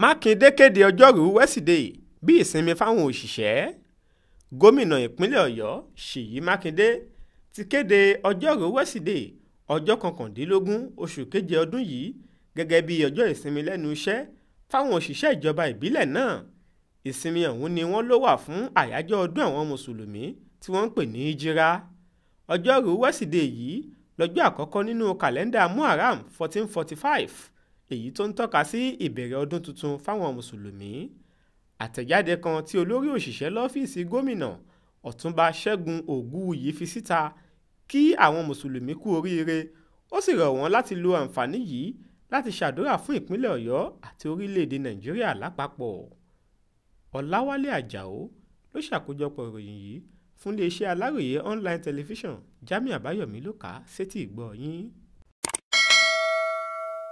mákindé kéde ọjọ́rùú wẹ́sídẹ̀ẹ́ bí ìsinmi fáwọn òṣìṣẹ́ gómìnà ìpínlẹ̀ ọ̀yọ́ ṣèyí mákindé ti kéde ọjọ́rùú wẹ́sídẹ̀ẹ́ ọjọ́ kọkàndínlógún oṣù keje ọdún yìí gẹ́gẹ́ bí ọjọ́ ìsinmi lẹ́nu iṣẹ́ fáwọn òṣìṣẹ́ ìjọba ìbílẹ̀ náà ìsinmi ọ̀hún ni wọ́n ló wà fún àyájọ́ ọdún àwọn mùsùlùmí tí wọ́n ń pè ní jíra ọjọ́rùú wẹ́sídẹ̀ẹ́ yìí lọ́jọ́ àkọ́kọ́ nínú kàlẹ́ndà muharram 1445 èyí tó ń tọ́ka sí ìbẹ̀rẹ̀ ọdún tuntun fáwọn mùsùlùmí àtẹ̀jáde kan tí olórí òṣìṣẹ́ lọ́fíìsì gómìnà ọ̀túnba ṣẹ́gun ògúwùyí fi síta kí àwọn mùsùlùmí kú oríire ó sì rọ̀ wọ́n láti lo àǹfààní yìí láti ṣàdúrà fún ìpínlẹ̀ ọ̀yọ́ àti orílẹ̀-èdè nàìjíríà lápapọ̀ ọ̀làwálé àjàó ló ṣàkójọpọ̀ ìròyìn yìí fún iléeṣẹ́ aláròye online television jamiu àbáyọ̀mí ló kà á sétí ìgbọ́ yín.